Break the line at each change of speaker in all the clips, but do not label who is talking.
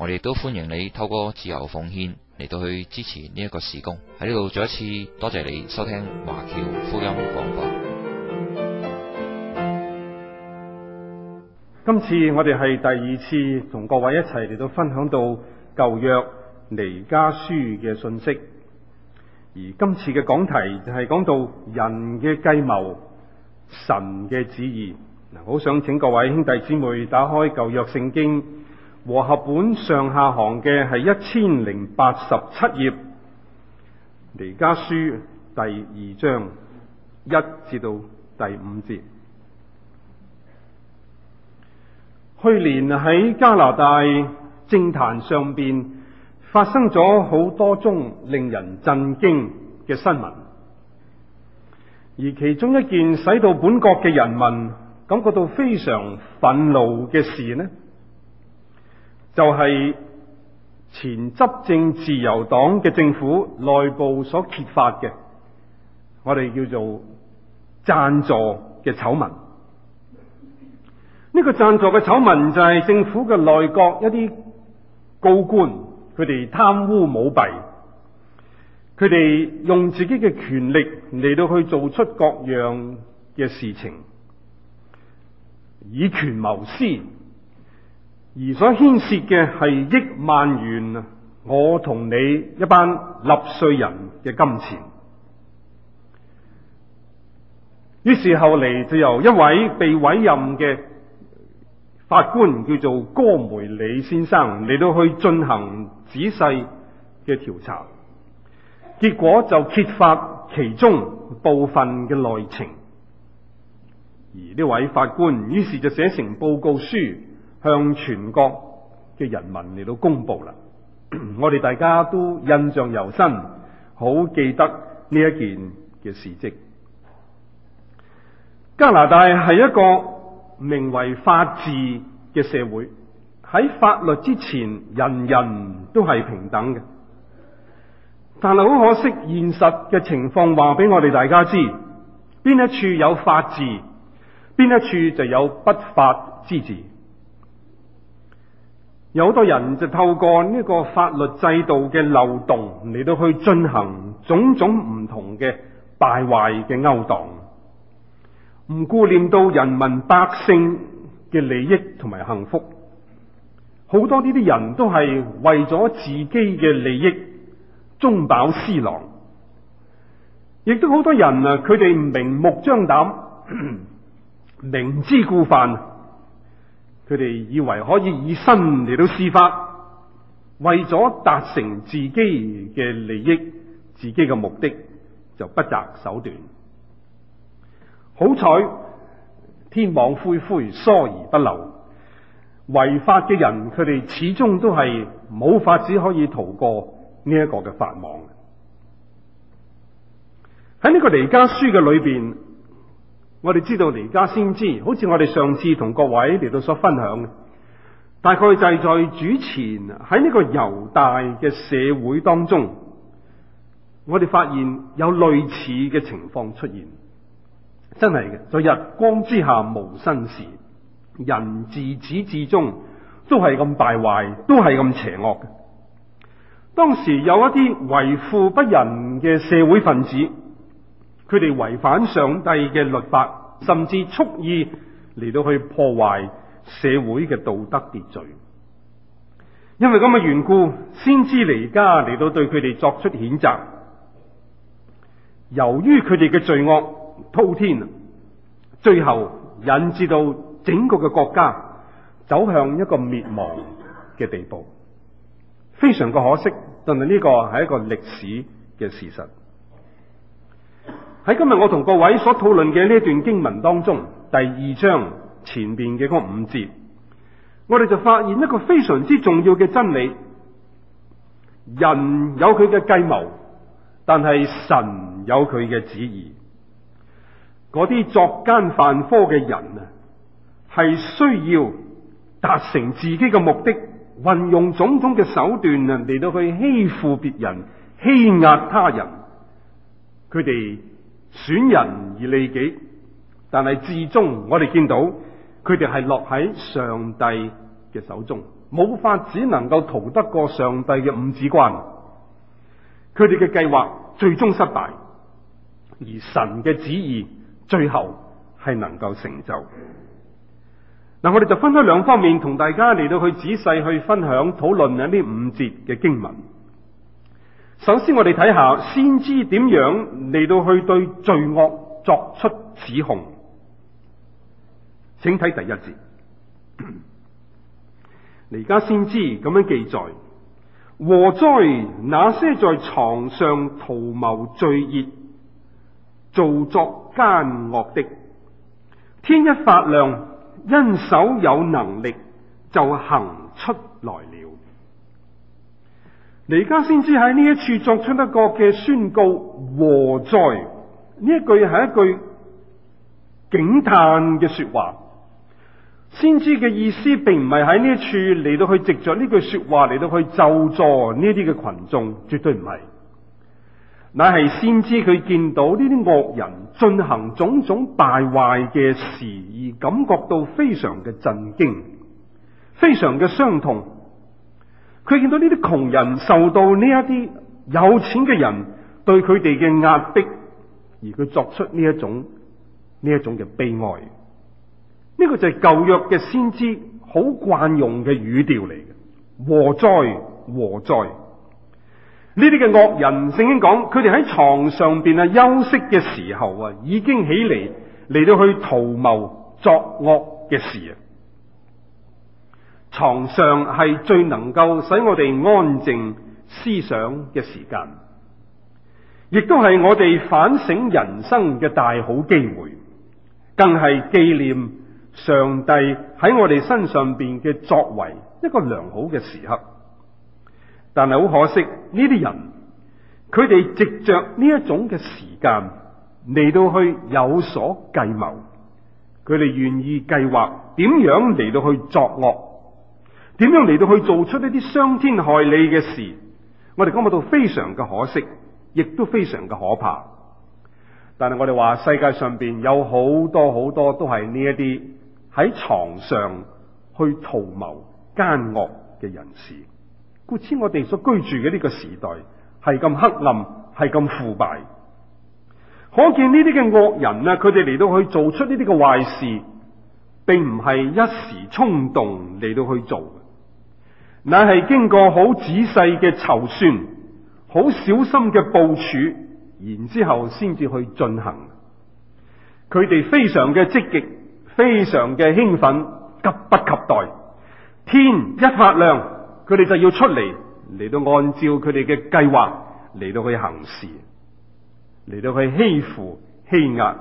我哋都歡迎你透過自由奉獻嚟到去支持呢一個事工。喺呢度再一次多謝你收聽華僑福音廣播。今次我哋係第二次同各位一齊嚟到分享到舊約彌迦書嘅信息，而今次嘅講題就係講到人嘅計謀、神嘅旨意。嗱，好想請各位兄弟姊妹打開舊約聖經。和合本上下行嘅係一千零八十七頁，彌迦書第二章一至到第五節。去年喺加拿大政壇上邊發生咗好多宗令人震驚嘅新聞，而其中一件使到本國嘅人民感覺到非常憤怒嘅事呢，就係前執政自由黨嘅政府內部所揭發嘅，我哋叫做贊助嘅醜聞。呢個贊助嘅醜聞就係政府嘅內閣一啲高官，佢哋貪污舞弊，佢哋用自己嘅權力嚟到去做出各樣嘅事情，以權謀私。而所牽涉嘅係億萬元，我同你一班納稅人嘅金錢。於是後嚟就由一位被委任嘅法官叫做哥梅里先生，嚟到去進行仔細嘅調查，結果就揭發其中部分嘅內情。而呢位法官於是就寫成報告書。向全國嘅人民嚟到公佈啦！ 我哋大家都印象猶新，好記得呢一件嘅事跡。加拿大係一個名為法治嘅社會，喺法律之前，人人都係平等嘅。但係好可惜，現實嘅情況話俾我哋大家知，邊一處有法治，邊一處就有不法之治。有好多人就透過呢個法律制度嘅漏洞嚟到去進行種種唔同嘅敗壞嘅勾當，唔顧念到人民百姓嘅利益同埋幸福。好多呢啲人都係為咗自己嘅利益中飽私囊，亦都好多人啊，佢哋明目張膽、明知故犯。佢哋以為可以以身嚟到試法，為咗達成自己嘅利益、自己嘅目的，就不擇手段。好彩天網恢恢，疏而不漏，違法嘅人，佢哋始終都係冇法子可以逃過呢一個嘅法網。喺呢個彌迦書嘅裏邊。我哋知道，彌迦先知，好似我哋上次同各位嚟到所分享嘅，大概就係在主前喺呢個猶大嘅社會當中，我哋發現有類似嘅情況出現，真係嘅，在日光之下無新事，人自始至終都係咁敗壞，都係咁邪惡嘅。當時有一啲為富不仁嘅社會分子。佢哋違反上帝嘅律法，甚至蓄意嚟到去破壞社會嘅道德秩序。因為咁嘅緣故，先知而家嚟到對佢哋作出譴責。由於佢哋嘅罪惡滔天，最後引致到整個嘅國家走向一個滅亡嘅地步，非常嘅可惜。但係呢個係一個歷史嘅事實。喺今日我同各位所討論嘅呢段經文當中，第二章前邊嘅嗰五節，我哋就發現一個非常之重要嘅真理：人有佢嘅計謀，但係神有佢嘅旨意。嗰啲作奸犯科嘅人啊，係需要達成自己嘅目的，運用種種嘅手段啊嚟到去欺負別人、欺壓他人，佢哋，損人而利己，但係至終我哋見到佢哋係落喺上帝嘅手中，冇法只能夠逃得過上帝嘅五指關。佢哋嘅計劃最終失敗，而神嘅旨意最後係能夠成就。嗱，我哋就分開兩方面同大家嚟到去仔細去分享討論啊呢五節嘅經文。首先我看看，我哋睇下先知點樣嚟到去對罪惡作出指控。請睇第一節。而家 先知咁樣記載：禍哉那些在床上圖謀罪孽，做作奸惡的，天一發亮，因手有能力就行出來。你而家先知喺呢一處作出一個嘅宣告和，「禍哉」呢一句係一句警嘆嘅說話。先知嘅意思並唔係喺呢一處嚟到去藉著呢句說話嚟到去咒詛呢啲嘅群眾，絕對唔係，乃係先知佢見到呢啲惡人進行種種敗壞嘅事，而感覺到非常嘅震驚，非常嘅傷痛。佢見到呢啲窮人受到呢一啲有錢嘅人對佢哋嘅壓迫，而佢作出呢一種呢一種嘅悲哀。呢、這個就係舊約嘅先知好慣用嘅語調嚟嘅，禍哉禍哉。呢啲嘅惡人，聖經講佢哋喺床上邊啊休息嘅時候啊，已經起嚟嚟到去圖謀作惡嘅事啊。床上係最能夠使我哋安靜思想嘅時間，亦都係我哋反省人生嘅大好機會，更係紀念上帝喺我哋身上邊嘅作為一個良好嘅時刻。但係好可惜，呢啲人佢哋藉着呢一種嘅時間嚟到去有所計謀，佢哋願意計劃點樣嚟到去作惡。點樣嚟到去做出呢啲傷天害理嘅事？我哋感覺到非常嘅可惜，亦都非常嘅可怕。但係我哋話，世界上邊有好多好多都係呢一啲喺床上去圖謀姦惡嘅人士。故此，我哋所居住嘅呢個時代係咁黑暗，係咁腐敗。可見呢啲嘅惡人咧，佢哋嚟到去做出呢啲嘅壞事，並唔係一時衝動嚟到去做。乃係經過好仔細嘅籌算，好小心嘅部署，然之後先至去進行。佢哋非常嘅積極，非常嘅興奮，急不及待。天一發亮，佢哋就要出嚟嚟到按照佢哋嘅計劃嚟到去行事，嚟到去欺負欺壓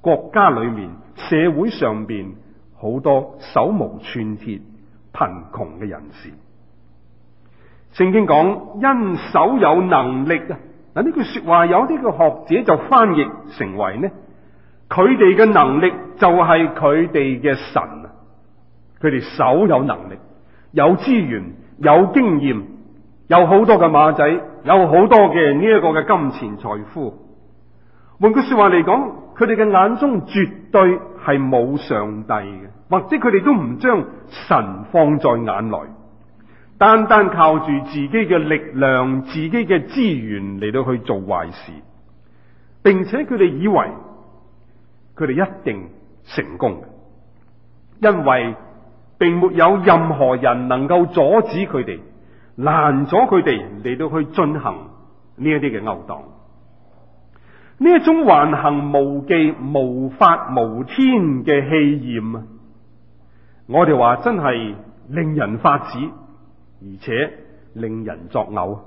國家裏面、社會上邊好多手無寸鐵、貧窮嘅人士。聖經講，因手有能力啊。嗱，呢句說話有啲個學者就翻譯成為呢，佢哋嘅能力就係佢哋嘅神啊。佢哋手有能力，有資源，有經驗，有好多嘅馬仔，有好多嘅呢一個嘅金錢財富。換句說話嚟講，佢哋嘅眼中絕對係冇上帝嘅，或者佢哋都唔將神放在眼內。單單靠住自己嘅力量，自己嘅資源嚟到去做壞事，並且佢哋以為佢哋一定成功，因為並沒有任何人能夠阻止佢哋，攔阻佢哋嚟到去進行呢一啲嘅勾當。呢一種橫行無忌、無法無天嘅氣焰，我哋話真係令人髮指。而且令人作嘔。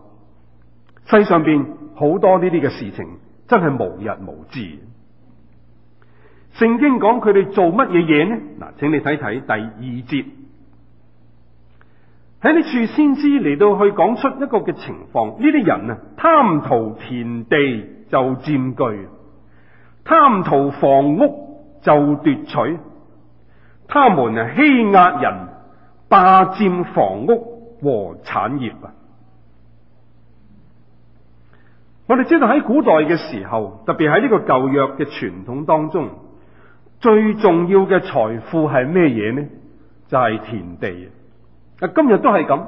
世上邊好多呢啲嘅事情，真係無日無之。聖經講佢哋做乜嘢嘢呢？嗱，請你睇睇第二節。喺呢處先知嚟到去講出一個嘅情況。呢啲人啊，貪圖田地就佔據，貪圖房屋就奪取，他們啊，欺壓人，霸佔房屋和產業啊！我哋知道喺古代嘅時候，特別喺呢個舊約嘅傳統當中，最重要嘅財富係咩嘢呢？就係田地。啊，今日都係咁，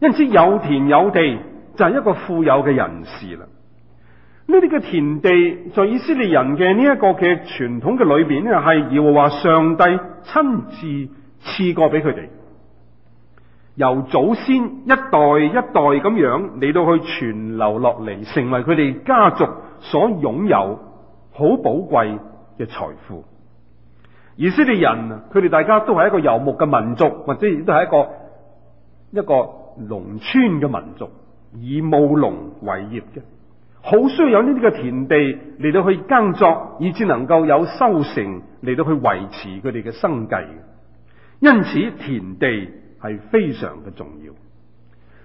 因此有田有地就係一個富有嘅人士啦。呢啲嘅田地，在以色列人嘅呢一個嘅傳統嘅裏邊咧，係要話上帝親自賜過俾佢哋。由祖先一代一代咁樣嚟到去傳留落嚟，成為佢哋家族所擁有好寶貴嘅財富。而以色列人佢哋大家都係一個遊牧嘅民族，或者亦都係一個一個農村嘅民族，以務農為業嘅，好需要有呢啲嘅田地嚟到去耕作，以至能夠有收成嚟到去維持佢哋嘅生計。因此，田地，係非常嘅重要。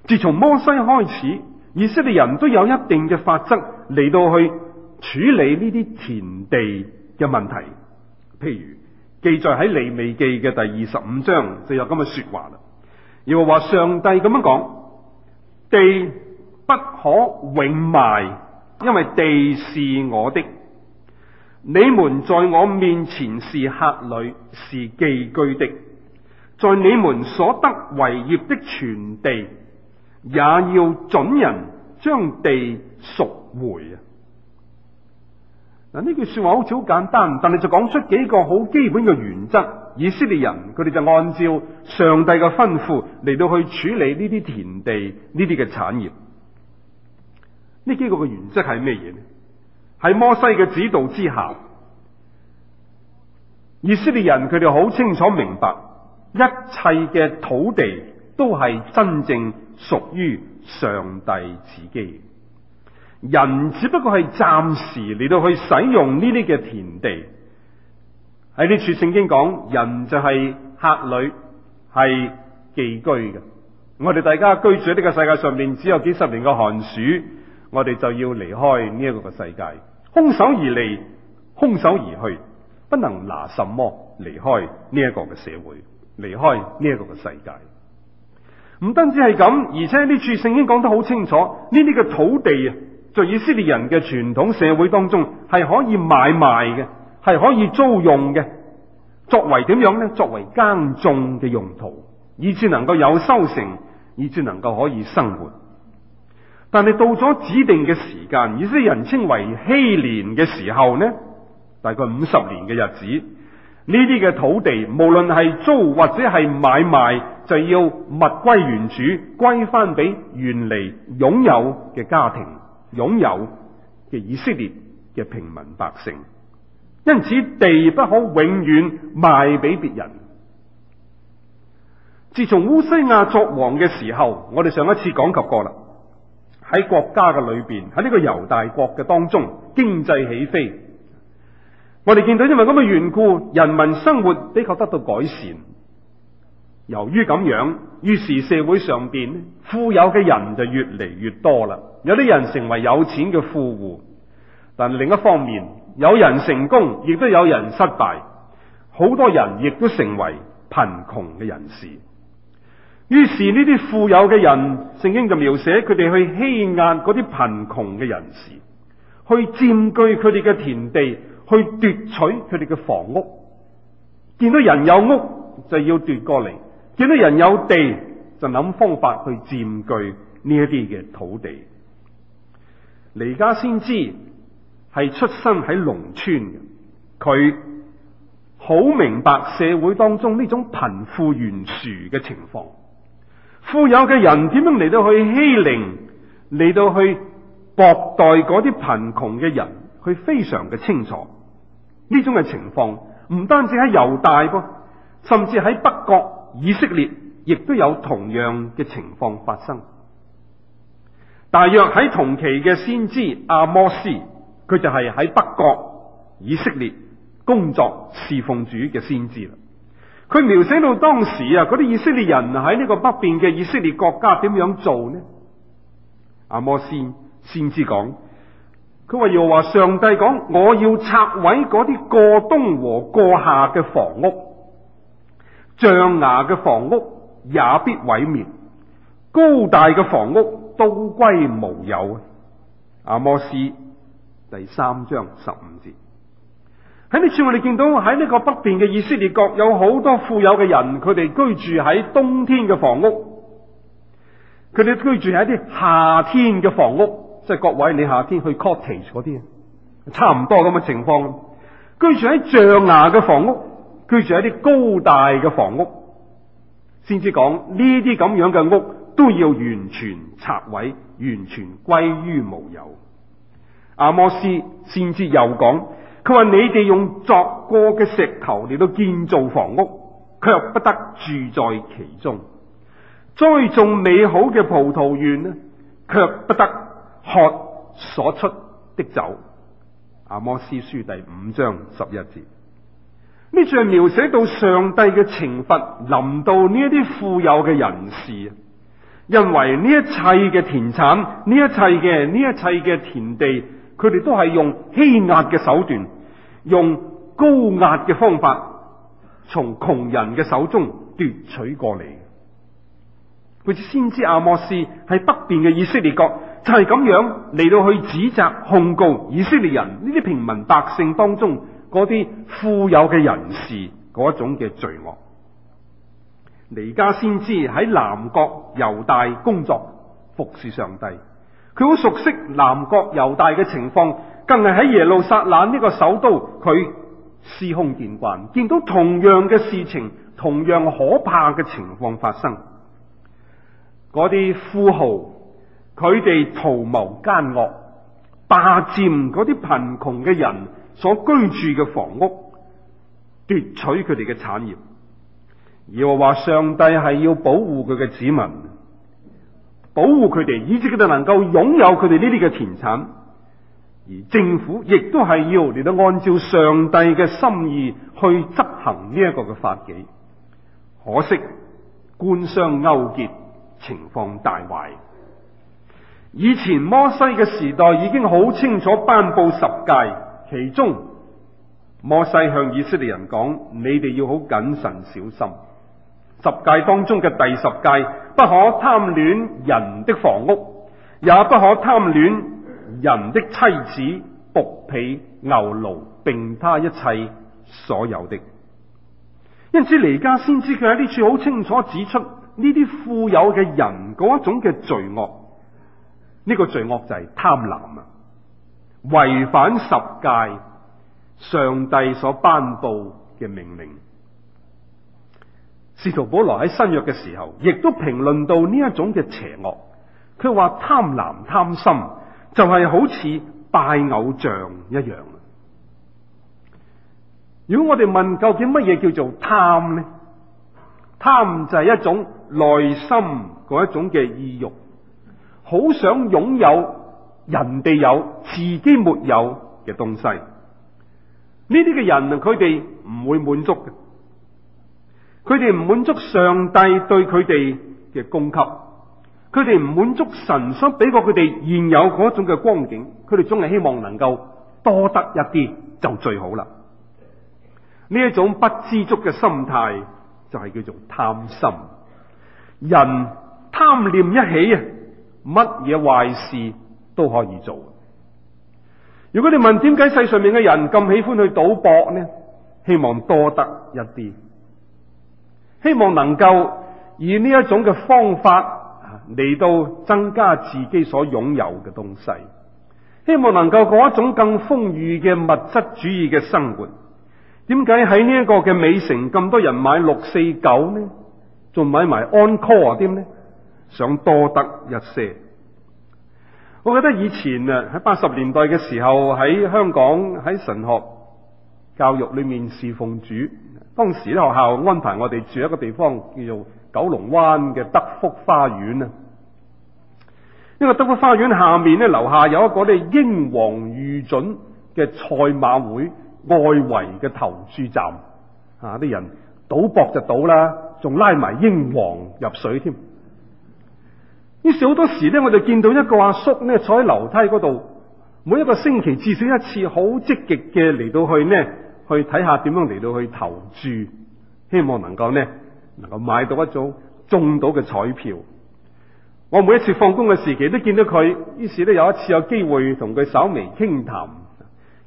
自從摩西開始，以色列人都有一定嘅法則嚟到去處理呢啲田地嘅問題。譬如記載喺利未記嘅第二十五章就有咁嘅說話啦。又話上帝咁樣講：地不可永賣，因為地是我的。你們在我面前是客旅，是寄居的。在你們所得為業的全地，也要准人將地贖回啊！嗱，呢句說話好似好簡單，但係就講出幾個好基本嘅原則。以色列人佢哋就按照上帝嘅吩咐嚟到去處理呢啲田地呢啲嘅產業。呢幾個嘅原則係咩嘢？喺摩西嘅指導之下，以色列人佢哋好清楚明白。一切嘅土地都係真正屬於上帝自己，人只不過係暫時嚟到去使用呢啲嘅田地。喺呢處聖經講，人就係客旅，係寄居嘅。我哋大家居住喺呢個世界上面，只有幾十年嘅寒暑，我哋就要離開呢一個嘅世界，空手而嚟，空手而去，不能拿什麼離開呢一個嘅社會。離開呢一個世界，唔單止係咁，而且呢處聖經講得好清楚，呢啲嘅土地啊，在以色列人嘅傳統社會當中係可以買賣嘅，係可以租用嘅，作為點樣呢？作為耕種嘅用途，以至能夠有收成，以至能夠可以生活。但係到咗指定嘅時間，以色列人稱為禧年嘅時候呢，大概五十年嘅日子。呢啲嘅土地，無論係租或者係買賣，就要物歸原主，歸翻俾原嚟擁有嘅家庭，擁有嘅以色列嘅平民百姓。因此，地不可永遠賣俾別人。自從烏西亞作王嘅時候，我哋上一次講及過啦。喺國家嘅裏邊，喺呢個猶大國嘅當中，經濟起飛。.我哋見到因為咁嘅緣故，人民生活的確得到改善。由於咁樣，於是社會上邊富有嘅人就越嚟越多啦。有啲人成為有錢嘅富戶，但另一方面，有人成功，亦都有人失敗。好多人亦都成為貧窮嘅人士。於是呢啲富有嘅人，聖經就描寫佢哋去欺壓嗰啲貧窮嘅人士，去佔據佢哋嘅田地。去奪取佢哋嘅房屋，見到人有屋就要奪過嚟；見到人有地就諗方法去佔據呢一啲嘅土地。彌迦先知係出生喺農村嘅，佢好明白社會當中呢種貧富懸殊嘅情況。富有嘅人點樣嚟到去欺凌，嚟到去薄待嗰啲貧窮嘅人，佢非常嘅清楚。呢種嘅情況唔單止喺猶大噃，甚至喺北國以色列亦都有同樣嘅情況發生。大約喺同期嘅先知阿摩斯，佢就係喺北國以色列工作侍奉主嘅先知。佢描寫到當時啊，嗰啲以色列人喺呢個北邊嘅以色列國家點樣做呢？阿摩斯先知講。佢話又話上帝講：我要拆毀嗰啲過冬和過夏嘅房屋，象牙嘅房屋也必毀滅，高大嘅房屋都歸無有。阿摩斯第三章十五節，喺呢次我哋見到喺呢個北邊嘅以色列國，有好多富有嘅人，佢哋居住喺冬天嘅房屋，佢哋居住喺啲夏天嘅房屋。即係各位，你夏天去 cottage 嗰啲，差唔多咁嘅情況。居住喺象牙嘅房屋，居住喺啲高大嘅房屋，先至講呢啲咁樣嘅屋都要完全拆毀，完全歸於無有。阿摩斯先至又講，佢話你哋用作過嘅石頭嚟到建造房屋，卻不得住在其中；栽種美好嘅葡萄園咧，卻不得。喝所出的酒，《阿摩司書》第五章十一節。呢處係描寫到上帝嘅懲罰臨到呢一啲富有嘅人士，因為呢一切嘅田產，呢一切嘅呢一切嘅田地，佢哋都係用欺壓嘅手段，用高壓嘅方法，從窮人嘅手中奪取過嚟。好似先知阿摩司喺北邊嘅以色列國。就係咁樣嚟到去指責控告以色列人呢啲平民百姓當中嗰啲富有嘅人士嗰一種嘅罪惡。彌迦先知喺南國猶大工作服侍上帝，佢好熟悉南國猶大嘅情況，更係喺耶路撒冷呢個首都，佢司空見慣，見到同樣嘅事情，同樣可怕嘅情況發生，嗰啲富豪，佢哋圖謀奸惡，霸佔嗰啲貧窮嘅人所居住嘅房屋，奪取佢哋嘅產業。而我話上帝係要保護佢嘅子民，保護佢哋，以至佢哋能夠擁有佢哋呢啲嘅田產。而政府亦都係要嚟到按照上帝嘅心意去執行呢一個嘅法紀。可惜官商勾結，情況大壞。以前摩西嘅時代已經好清楚頒布十誡，其中摩西向以色列人講：你哋要好謹慎小心。十誡當中嘅第十誡，不可貪戀人的房屋，也不可貪戀人的妻子、僕婢、牛驢，並他一切所有的。因此，彌迦先知佢喺呢處好清楚指出呢啲富有嘅人嗰一種嘅罪惡。呢個罪惡就係貪婪啊，違反十誡，上帝所頒布嘅命令。使徒保羅喺新約嘅時候，亦都評論到呢一種嘅邪惡。佢話貪婪貪心就係好似拜偶像一樣。如果我哋問究竟乜嘢叫做貪呢？貪就係一種內心嗰一種嘅意欲。好想擁有人哋有自己沒有嘅東西，呢啲嘅人佢哋唔會滿足嘅，佢哋唔滿足上帝對佢哋嘅供給，佢哋唔滿足神所俾過佢哋現有嗰種嘅光景，佢哋總係希望能夠多得一啲就最好啦。呢一種不知足嘅心態就係叫做貪心，人貪念一起啊！乜嘢壞事都可以做。如果你問點解世上面嘅人咁喜歡去賭博呢？希望多得一啲，希望能夠以呢一種嘅方法嚟到增加自己所擁有嘅東西，希望能夠過一種更豐裕嘅物質主義嘅生活。點解喺呢一個嘅美城咁多人買六四九呢？仲買埋 Encore 啊啲咁呢？想多得一些，我記得以前啊，喺八十年代嘅時候，喺香港喺神學教育裏面侍奉主。當時咧學校安排我哋住一個地方，叫做九龍灣嘅德福花園啊。因為德福花園下面咧樓下有一個咧英皇御准嘅賽馬會外圍嘅投注站啊，啲人賭博就賭啦，仲拉埋英皇入水添。於是好多時咧，我就見到一個阿叔咧坐喺樓梯嗰度，每一個星期至少一次，好積極嘅嚟到去呢，去睇下點樣嚟到去投注，希望能夠呢能夠買到一組中到嘅彩票。我每一次放工嘅時期都見到佢，於是咧有一次有機會同佢稍微傾談，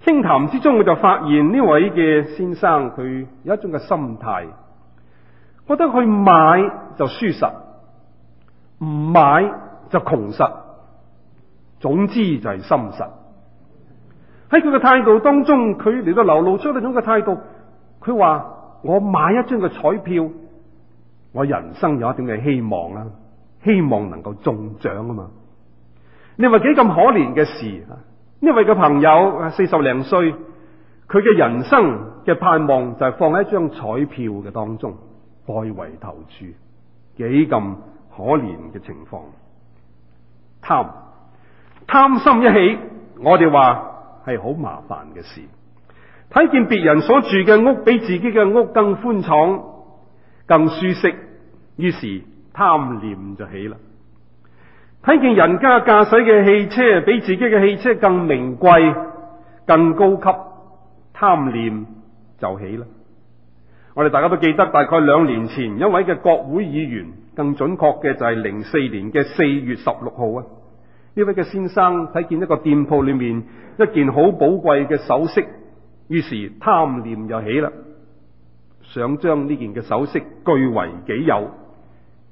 傾談之中我就發現呢位嘅先生佢有一種嘅心態，覺得去買就輸實。唔買就窮實，總之就係心實。喺佢嘅態度當中，佢嚟到流露出呢種嘅態度。佢話：我買一張嘅彩票，我人生有一點嘅希望啊，希望能夠中獎啊嘛。你話幾咁可憐嘅事啊？呢位嘅朋友四十零歲，佢嘅人生嘅盼望就係放喺一張彩票嘅當中，代為投注，幾咁可憐嘅情況，貪，貪心一起，我哋話係好麻煩嘅事。睇見別人所住嘅屋比自己嘅屋更寬敞、更舒適，於是貪念就起啦。睇見人家駕駛嘅汽車比自己嘅汽車更名貴、更高級，貪念就起啦。我哋大家都記得，大概兩年前一位嘅國會議員。更準確嘅就係零四年嘅四月十六號啊！呢位嘅先生睇見一個店鋪裡面一件好寶貴嘅首飾，於是貪念就起啦，想將呢件嘅首飾據為己有。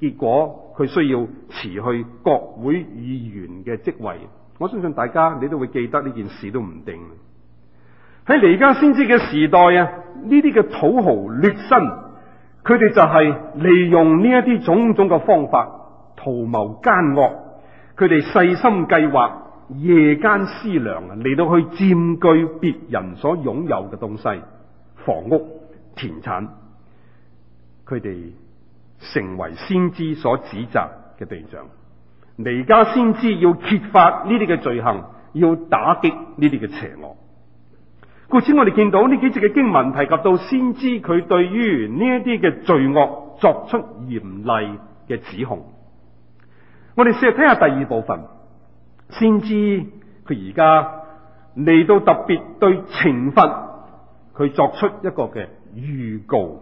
結果佢需要辭去國會議員嘅職位，我相信大家你都會記得呢件事都唔定。喺彌迦先知嘅時代啊，呢啲嘅土豪劣紳。佢哋就係利用呢一啲種種嘅方法，圖謀奸惡。佢哋細心計劃，夜間思量嚟到去佔據別人所擁有嘅東西、房屋、田產。佢哋成為先知所指責嘅對象。而家先知要揭發呢啲嘅罪行，要打擊呢啲嘅邪惡。故此，我哋見到呢幾節嘅經文提及到先知佢對於呢一啲嘅罪惡作出嚴厲嘅指控。我哋試下聽下第二部分，先知佢而家嚟到特別對懲罰佢作出一個嘅預告。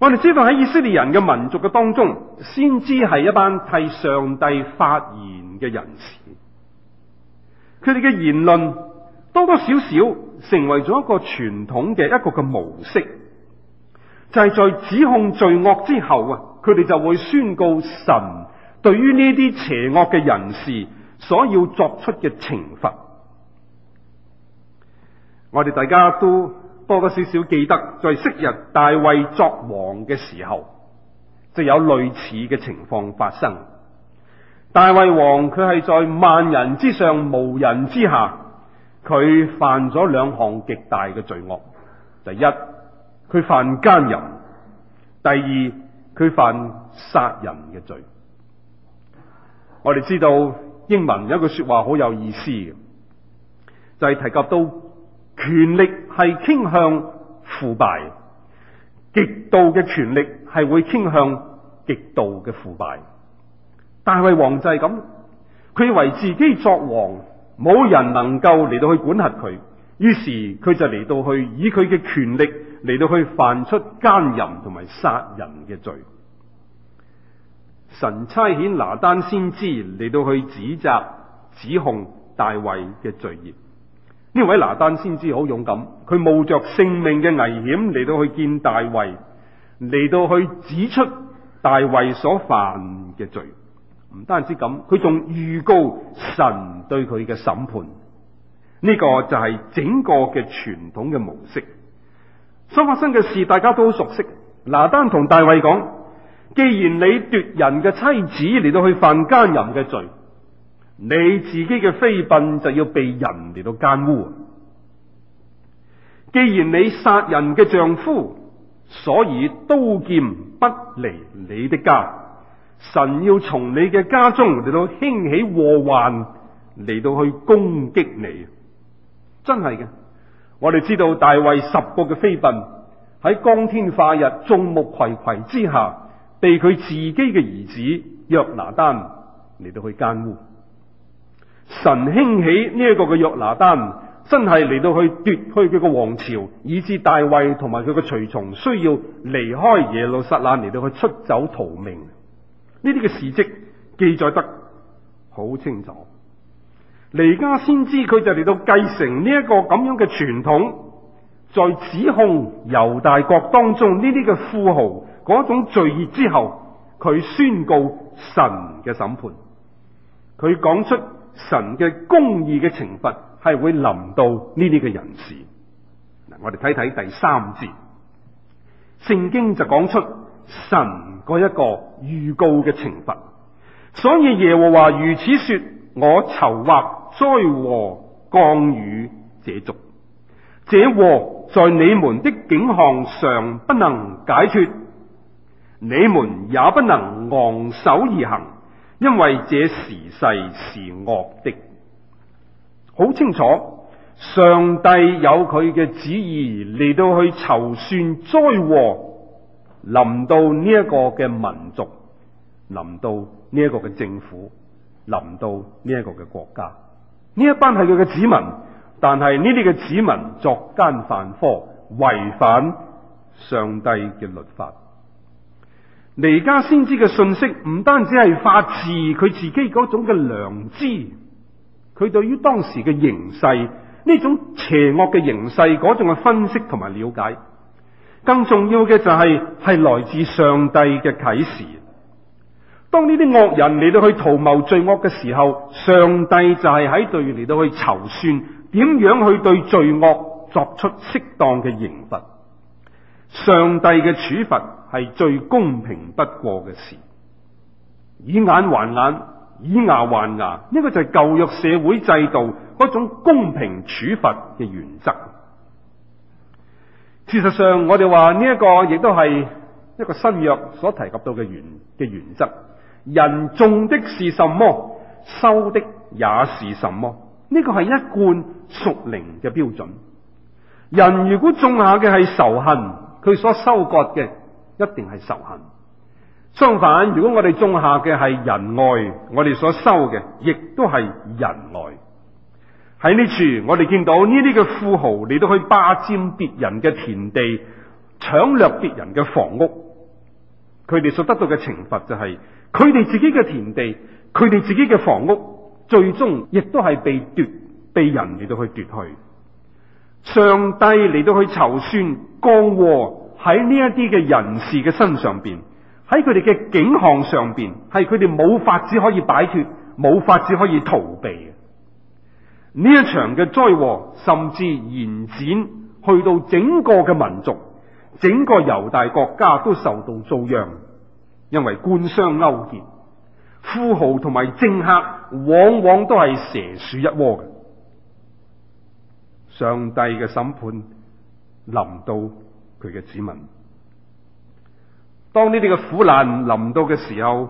我哋知道喺以色列人嘅民族嘅當中，先知係一班替上帝發言嘅人士，佢哋嘅言論多多少少成為咗一個傳統嘅一個嘅模式，就係在指控罪惡之後啊，佢哋就會宣告神對於呢啲邪惡嘅人士所要作出嘅懲罰。我哋大家都多多少少記得，在昔日大衛作王嘅時候，就有類似嘅情況發生。大衛王佢係在萬人之上，無人之下。佢犯咗兩項極大嘅罪惡，第一，佢犯奸淫，第二，佢犯殺人嘅罪。我哋知道英文有一句說話好有意思嘅，就係提及到權力係傾向腐敗，極度嘅權力係會傾向極度嘅腐敗。大衛王就係咁，佢為自己作王。冇人能夠嚟到去管轄佢，於是佢就嚟到去以佢嘅權力嚟到去犯出奸淫同埋殺人嘅罪。神差遣拿單先知嚟到去指責、指控大衛嘅罪孽。呢位拿單先知好勇敢，佢冒着性命嘅危險嚟到去見大衛，嚟到去指出大衛所犯嘅罪。唔單止咁，佢仲預告神對佢嘅審判。呢個就係整個嘅傳統嘅模式。所發生嘅事，大家都好熟悉。拿單同大衛講：既然你奪人嘅妻子嚟到去犯奸淫嘅罪，你自己嘅妃嬪就要被人嚟到奸污。既然你殺人嘅丈夫，所以刀劍不離你的家。神要從你嘅家中嚟到興起禍患，嚟到去攻擊你，真係嘅。我哋知道大衛十個嘅妃嬪，喺光天化日、眾目睽睽之下，被佢自己嘅兒子約拿丹嚟到去奸污。神興起呢一個嘅約拿丹，真係嚟到去奪去佢個王朝，以致大衛同埋佢個隨從需要離開耶路撒冷嚟到去出走逃命。呢啲嘅事跡記載得好清楚，彌迦先知佢就嚟到繼承呢一個咁樣嘅傳統，在指控猶大國當中呢啲嘅富豪嗰種罪孽之後，佢宣告神嘅審判，佢講出神嘅公義嘅懲罰係會臨到呢啲嘅人士。嗱，我哋睇睇第三節，聖經就講出。神嗰一個預告嘅懲罰，所以耶和華如此說，我籌劃災禍降與這族，這禍在你們的頸項上不能解脫，你們也不能昂首而行，因為這時勢是惡的。好清楚，上帝有佢嘅旨意嚟到去籌算災禍。臨到呢一個嘅民族，臨到呢一個嘅政府，臨到呢一個嘅國家，呢一班係佢嘅子民，但係呢啲嘅子民作奸犯科，違反上帝嘅律法。彌迦先知嘅信息唔單止係發自佢自己嗰種嘅良知，佢對於當時嘅形勢呢種邪惡嘅形勢嗰種嘅分析同埋了解。更重要嘅就係係來自上帝嘅啟示。當呢啲惡人嚟到去圖謀罪惡嘅時候，上帝就係喺度嚟到去籌算點樣去對罪惡作出適當嘅刑罰。上帝嘅處罰係最公平不過嘅事，以眼還眼，以牙還牙，呢、這個就係舊約社會制度嗰種公平處罰嘅原則。事實上，我哋話呢一個亦都係一個新約所提及到嘅原嘅原則。人種的是什麼，收的也是什麼。呢、這個係一貫屬靈嘅標準。人如果種下嘅係仇恨，佢所收割嘅一定係仇恨。相反，如果我哋種下嘅係仁愛，我哋所收嘅亦都係仁愛。喺呢處，我哋見到呢啲嘅富豪嚟到去霸佔別人嘅田地，搶掠別人嘅房屋。佢哋所得到嘅懲罰就係、是，佢哋自己嘅田地，佢哋自己嘅房屋，最終亦都係被奪，被人嚟到去奪去。上帝嚟到去籌算，降禍喺呢一啲嘅人士嘅身上邊，喺佢哋嘅景象上邊，係佢哋冇法子可以擺脫，冇法子可以逃避。呢一場嘅災禍甚至延展去到整個嘅民族，整個猶大國家都受到遭殃，因為官商勾結，富豪同埋政客往往都係蛇鼠一窩嘅。上帝嘅審判臨到佢嘅子民，當呢啲嘅苦難臨到嘅時候，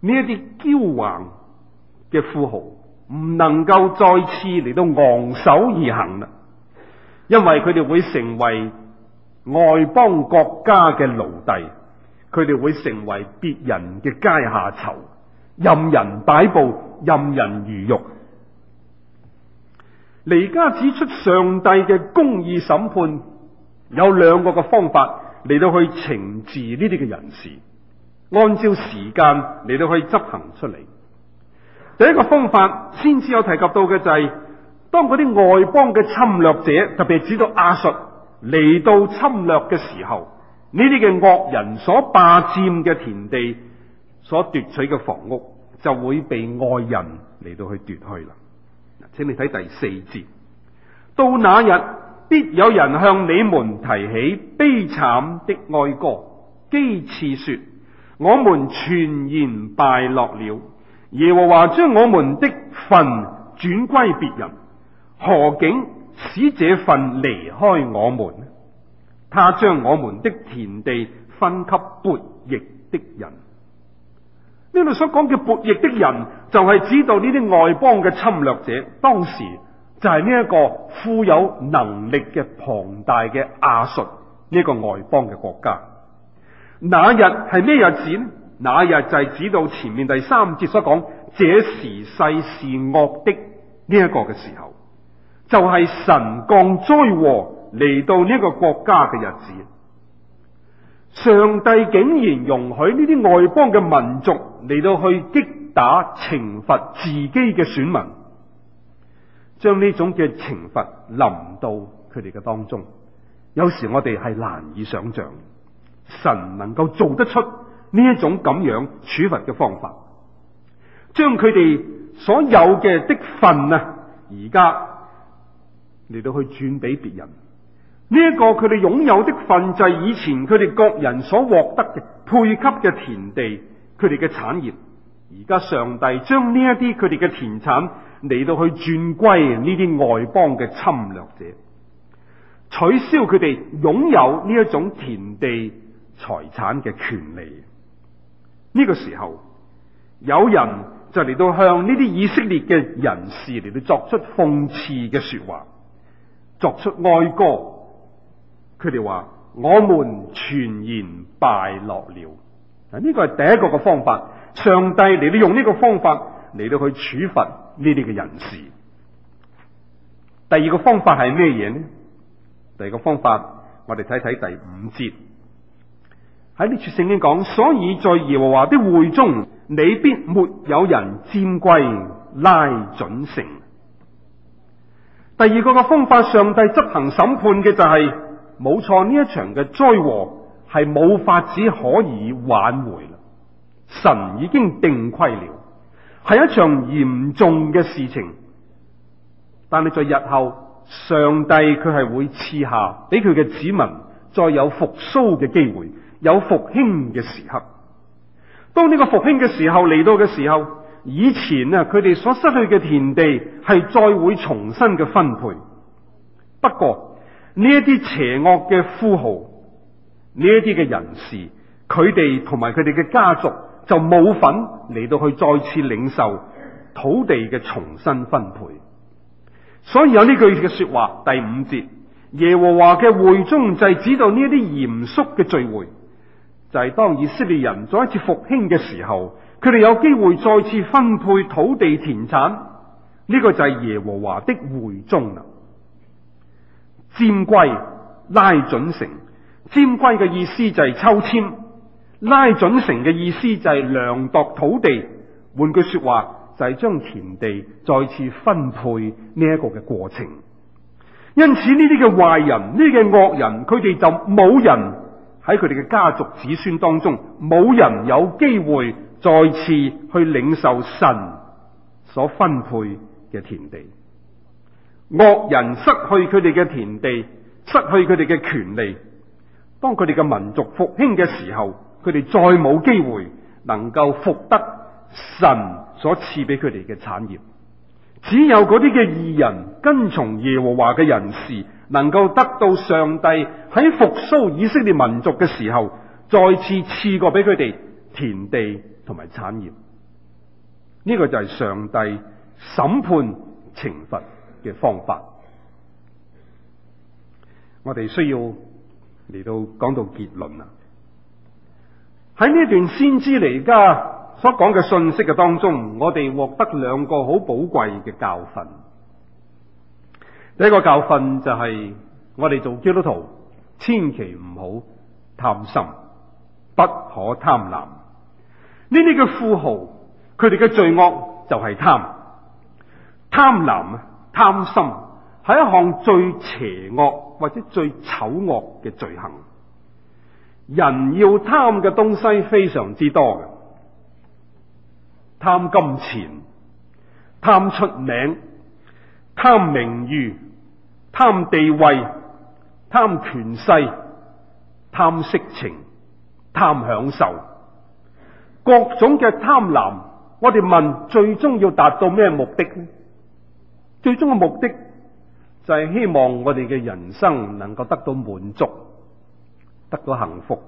呢一啲驕橫嘅富豪，唔能夠再次嚟到昂首而行啦，因為佢哋會成為外邦國家嘅奴隸，佢哋會成為別人嘅階下囚，任人擺布，任人魚肉。彌迦指出上帝嘅公義審判有兩個嘅方法嚟到去懲治呢啲嘅人士，按照時間嚟到去執行出嚟。第一個方法先至有提及到嘅就係、是，當嗰啲外邦嘅侵略者，特別係指到亞述嚟到侵略嘅時候，呢啲嘅惡人所霸占嘅田地，所奪取嘅房屋，就會被外人嚟到去奪去啦。請你睇第四節，到那日必有人向你們提起悲慘的哀歌，譏刺說：我們全然敗落了。耶和華將我們的份轉歸別人，何竟使這份離開我們呢？他將我們的田地分給悖逆的人。呢度所講嘅悖逆的人，就係、是、指到呢啲外邦嘅侵略者。當時就係呢一個富有能力嘅龐大嘅亞述呢一個外邦嘅國家。那日係咩日子呢？那日就係指到前面第三節所講，這時世是惡的呢一個嘅時候，就係神降災禍嚟到呢一個國家嘅日子。上帝竟然容許呢啲外邦嘅民族嚟到去擊打懲罰自己嘅選民，將呢種嘅懲罰臨到佢哋嘅當中，有時我哋係難以想象，神能夠做得出。呢一種咁樣處罰嘅方法，將佢哋所有嘅的份啊，而家嚟到去轉俾別人。呢、這、一個佢哋擁有的份制，就係，以前佢哋各人所獲得嘅配給嘅田地，佢哋嘅產業，而家上帝將呢一啲佢哋嘅田產嚟到去轉歸呢啲外邦嘅侵略者，取消佢哋擁有呢一種田地財產嘅權利。呢個時候，有人就嚟到向呢啲以色列嘅人士嚟到作出諷刺嘅說話，作出哀歌。佢哋話：我們全然敗落了。嗱，呢個係第一個嘅方法。上帝嚟到用呢個方法嚟到去處罰呢啲嘅人士。第二個方法係咩嘢呢？第二個方法，我哋睇睇第五節。喺呢處聖經講，所以在耶和華的會中，你必沒有人拈鬮拉準繩。第二個嘅方法，上帝執行審判嘅就係冇錯，呢一場嘅災禍係冇法子可以挽回。神已經定規了，係一場嚴重嘅事情。但係在日後，上帝佢係會賜下俾佢嘅子民再有復甦嘅機會。有復興嘅時刻，當呢個復興嘅時候嚟到嘅時候，以前啊，佢哋所失去嘅田地係再會重新嘅分配。不過呢一啲邪惡嘅富豪，呢一啲嘅人士，佢哋同埋佢哋嘅家族就冇份嚟到去再次領受土地嘅重新分配。所以有呢句嘅說話，第五節，耶和華嘅會中就係指到呢一啲嚴肅嘅聚會。就係當以色列人再一次復興嘅時候，佢哋有機會再次分配土地田產，呢、這個就係耶和華的會中啦。拈鬮拉準繩，拈鬮嘅意思就係抽籤，拉準繩嘅意思就係量度土地。換句說話，就係、是、將田地再次分配呢一個嘅過程。因此呢啲嘅壞人，呢啲嘅惡人，佢哋就冇人。喺佢哋嘅家族子孫當中，冇人有機會再次去領受神所分配嘅田地。惡人失去佢哋嘅田地，失去佢哋嘅權利。當佢哋嘅民族復興嘅時候，佢哋再冇機會能夠復得神所賜俾佢哋嘅產業。只有嗰啲嘅義人跟從耶和華嘅人士。能夠得到上帝喺復蘇以色列民族嘅時候，再次賜過俾佢哋田地同埋產業。呢個就係上帝審判懲罰嘅方法。我哋需要嚟到講到結論啦。喺呢段先知彌迦所講嘅信息嘅當中，我哋獲得兩個好寶貴嘅教訓。呢個教訓就係我哋做基督徒，千祈唔好貪心，不可貪婪。呢啲嘅富豪，佢哋嘅罪惡就係貪、貪婪、貪心，係一項最邪惡或者最醜惡嘅罪行。人要貪嘅東西非常之多嘅，貪金錢、貪出名、貪名譽。貪地位、貪權勢、貪色情、貪享受，各種嘅貪婪，我哋問最終要達到咩目的呢？最終嘅目的就係希望我哋嘅人生能夠得到滿足，得到幸福。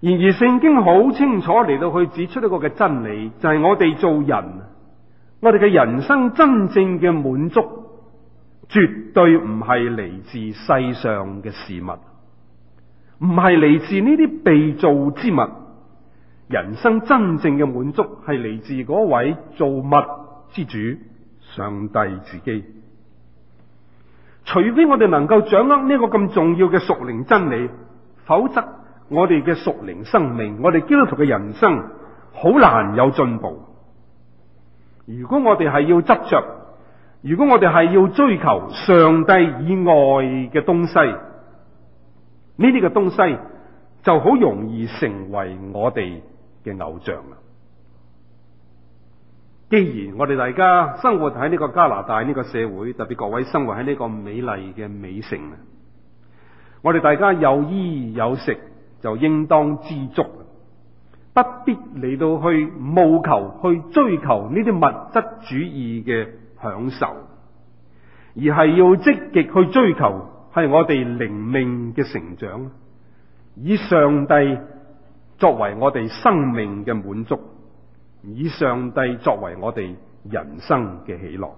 然而聖經好清楚嚟到去指出一個嘅真理，就係我哋做人，我哋嘅人生真正嘅滿足。絕對唔係嚟自世上嘅事物，唔係嚟自呢啲被造之物。人生真正嘅滿足係嚟自嗰位造物之主上帝自己。除非我哋能夠掌握呢個咁重要嘅屬靈真理，否則我哋嘅屬靈生命，我哋基督徒嘅人生，好難有進步。如果我哋係要執着，如果我哋係要追求上帝以外嘅東西，呢啲嘅東西就好容易成為我哋嘅偶像啦。既然我哋大家生活喺呢個加拿大呢個社會，特別各位生活喺呢個美麗嘅美城啊，我哋大家有衣有食就應當知足，不必嚟到去務求去追求呢啲物質主義嘅。享受，而係要積極去追求，係我哋靈命嘅成長，以上帝作為我哋生命嘅滿足，以上帝作為我哋人生嘅喜樂，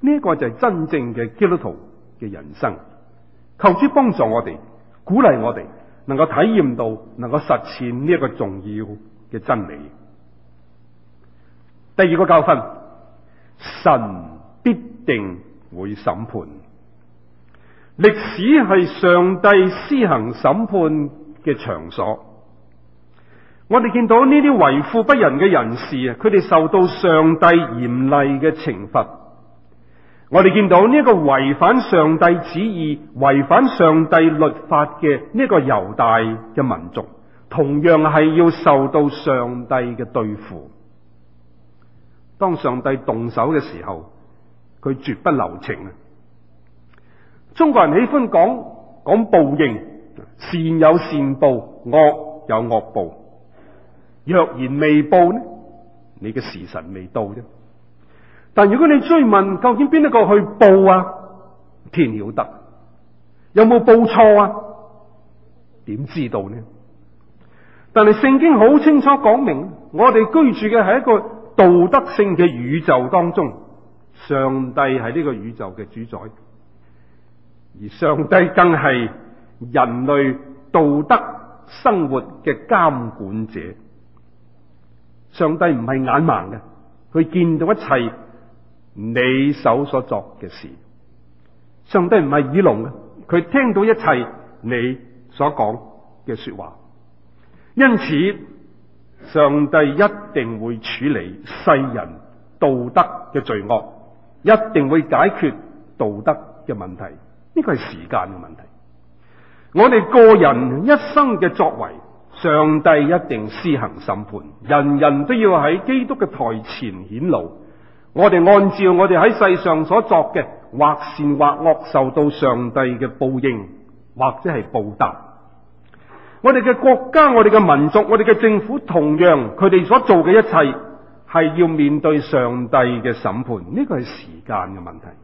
呢一個就係真正嘅基督徒嘅人生。求主幫助我哋，鼓勵我哋，能夠體驗到，能夠實踐呢一個重要嘅真理。第二個教訓。神必定會審判，歷史係上帝施行審判嘅場所。我哋見到呢啲為富不仁嘅人士啊，佢哋受到上帝嚴厲嘅懲罰。我哋見到呢一個違反上帝旨意、違反上帝律法嘅呢一個猶大嘅民族，同樣係要受到上帝嘅對付。當上帝動手嘅時候，佢絕不留情啊！中國人喜歡講講報應，善有善報，惡有惡報。若然未報呢？你嘅時辰未到啫。但如果你追問究竟邊一個去報啊？天曉得，有冇報錯啊？點知道呢？但係聖經好清楚講明，我哋居住嘅係一個。道德性嘅宇宙當中，上帝係呢個宇宙嘅主宰，而上帝更係人類道德生活嘅監管者。上帝唔係眼盲嘅，佢見到一切你手所作嘅事；上帝唔係耳聾嘅，佢聽到一切你所講嘅說話。因此，上帝一定會處理世人道德嘅罪惡，一定會解決道德嘅問題，呢個係時間嘅問題。我哋個人一生嘅作為，上帝一定施行審判，人人都要喺基督嘅台前顯露。我哋按照我哋喺世上所作嘅，或善或惡，受到上帝嘅報應或者係報答。我哋嘅國家、我哋嘅民族、我哋嘅政府，同樣佢哋所做嘅一切，係要面對上帝嘅審判。呢個係時間嘅問題，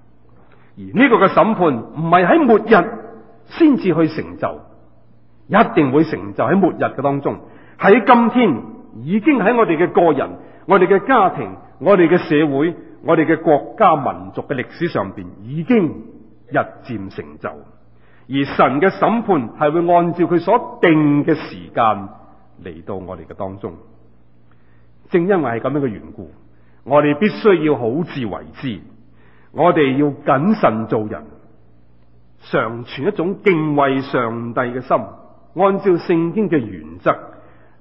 而呢個嘅審判唔係喺末日先至去成就，一定會成就喺末日嘅當中。喺今天已經喺我哋嘅個人、我哋嘅家庭、我哋嘅社會、我哋嘅國家、民族嘅歷史上邊，已經日漸成就。而神嘅審判係會按照佢所定嘅時間嚟到我哋嘅當中，正因為係咁樣嘅緣故，我哋必須要好自為之，我哋要謹慎做人，常存一種敬畏上帝嘅心，按照聖經嘅原則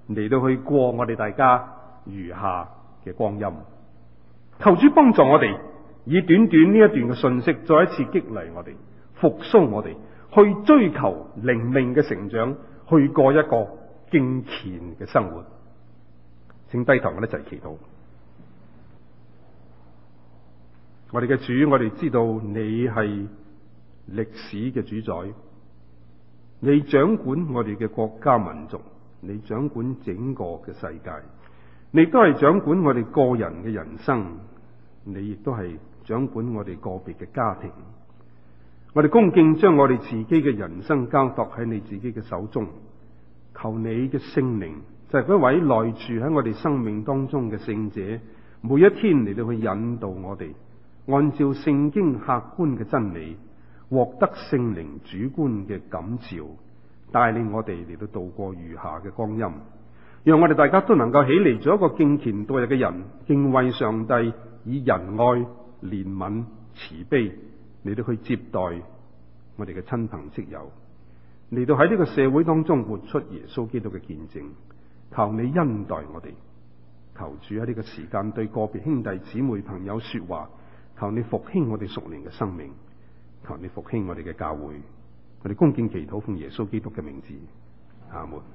嚟到去過我哋大家餘下嘅光陰，求主幫助我哋，以短短呢一段嘅信息再一次激勵我哋，復甦我哋。去追求靈命嘅成長，去過一個敬虔嘅生活。請低頭，我哋一齊祈禱。我哋嘅主，我哋知道你係歷史嘅主宰，你掌管我哋嘅國家民族，你掌管整個嘅世界，你都係掌管我哋個人嘅人生，你亦都係掌管我哋個別嘅家庭。我哋恭敬將我哋自己嘅人生交託喺你自己嘅手中，求你嘅聖靈就係一位內住喺我哋生命當中嘅聖者，每一天嚟到去引導我哋，按照聖經客觀嘅真理，獲得聖靈主觀嘅感召，帶領我哋嚟到度過餘下嘅光陰，讓我哋大家都能夠起嚟做一個敬虔度日嘅人，敬畏上帝，以仁愛、憐憫、慈悲。你都去接待我哋嘅親朋戚友，嚟到喺呢個社會當中活出耶穌基督嘅見證，求你恩待我哋，求主喺呢個時間對個別兄弟姊妹朋友說話，求你復興我哋屬靈嘅生命，求你復興我哋嘅教會，我哋恭敬祈禱奉耶穌基督嘅名字，阿門。